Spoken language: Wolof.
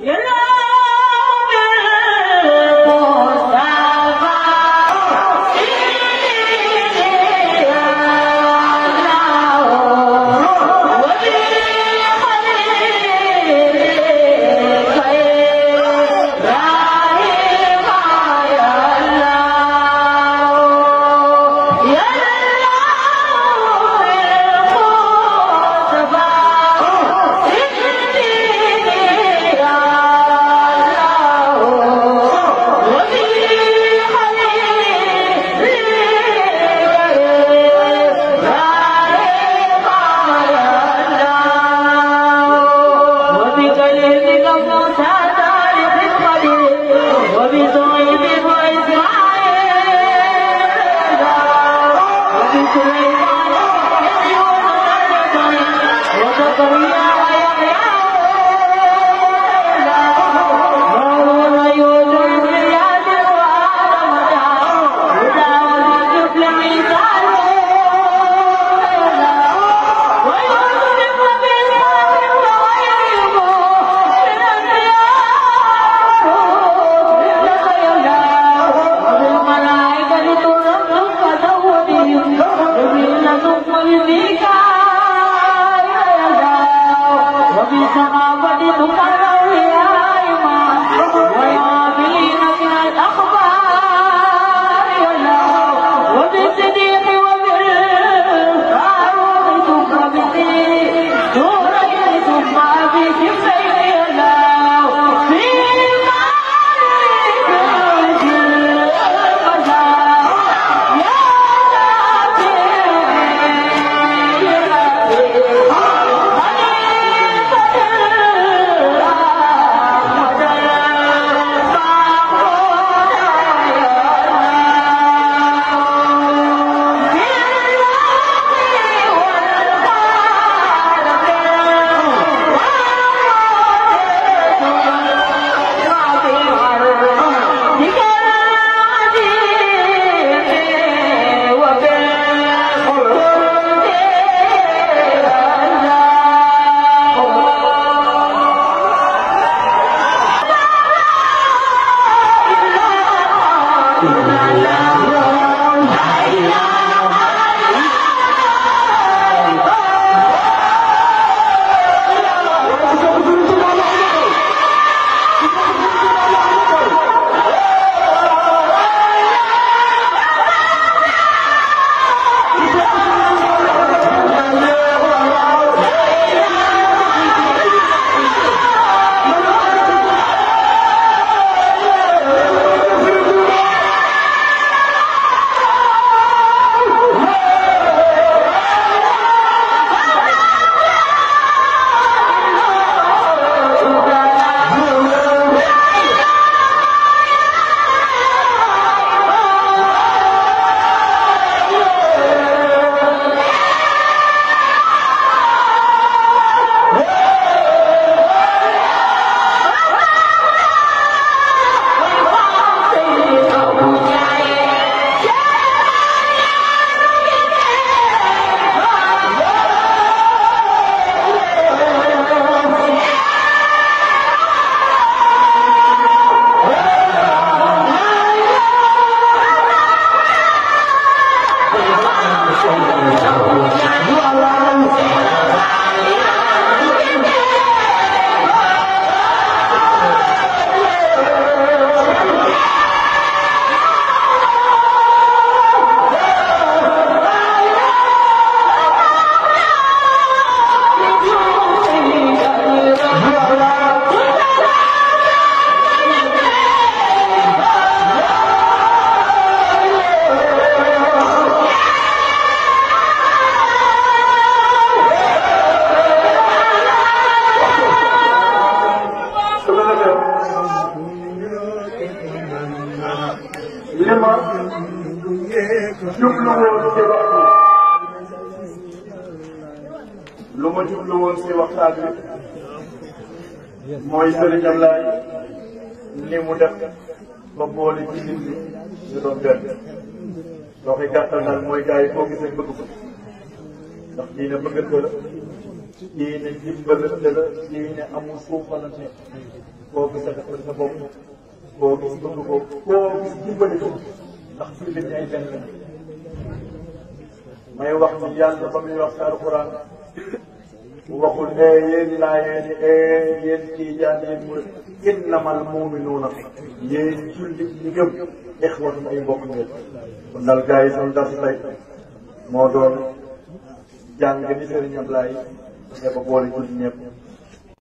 人人。Subhanallah. jubluwoon si waxtu lu ma si waxtaan bi mooy Sëriñ Ablaay li mu def ba boole ci nit ñi ñu doon benn gàttal nag mooy gars yi foo gis rek bëgg ko ndax diine bëggante la diine dimbalante la amul suufalante foo gis defal sa bopp foo gis bëgg ko foo gis ndax jullit ñi ay benn may wax ni yàlla ba muy wax alxuraan waxul ee yéen laayeen ee yéen tiijaan yéen mu innamal muminuuna yéen jullit ñi gëm ixwatun ay mbokk ngeen kon dal gars yi seen dars tey moo doon jàng ni sëriñ Ablaay ne ba boole jullit ñëpp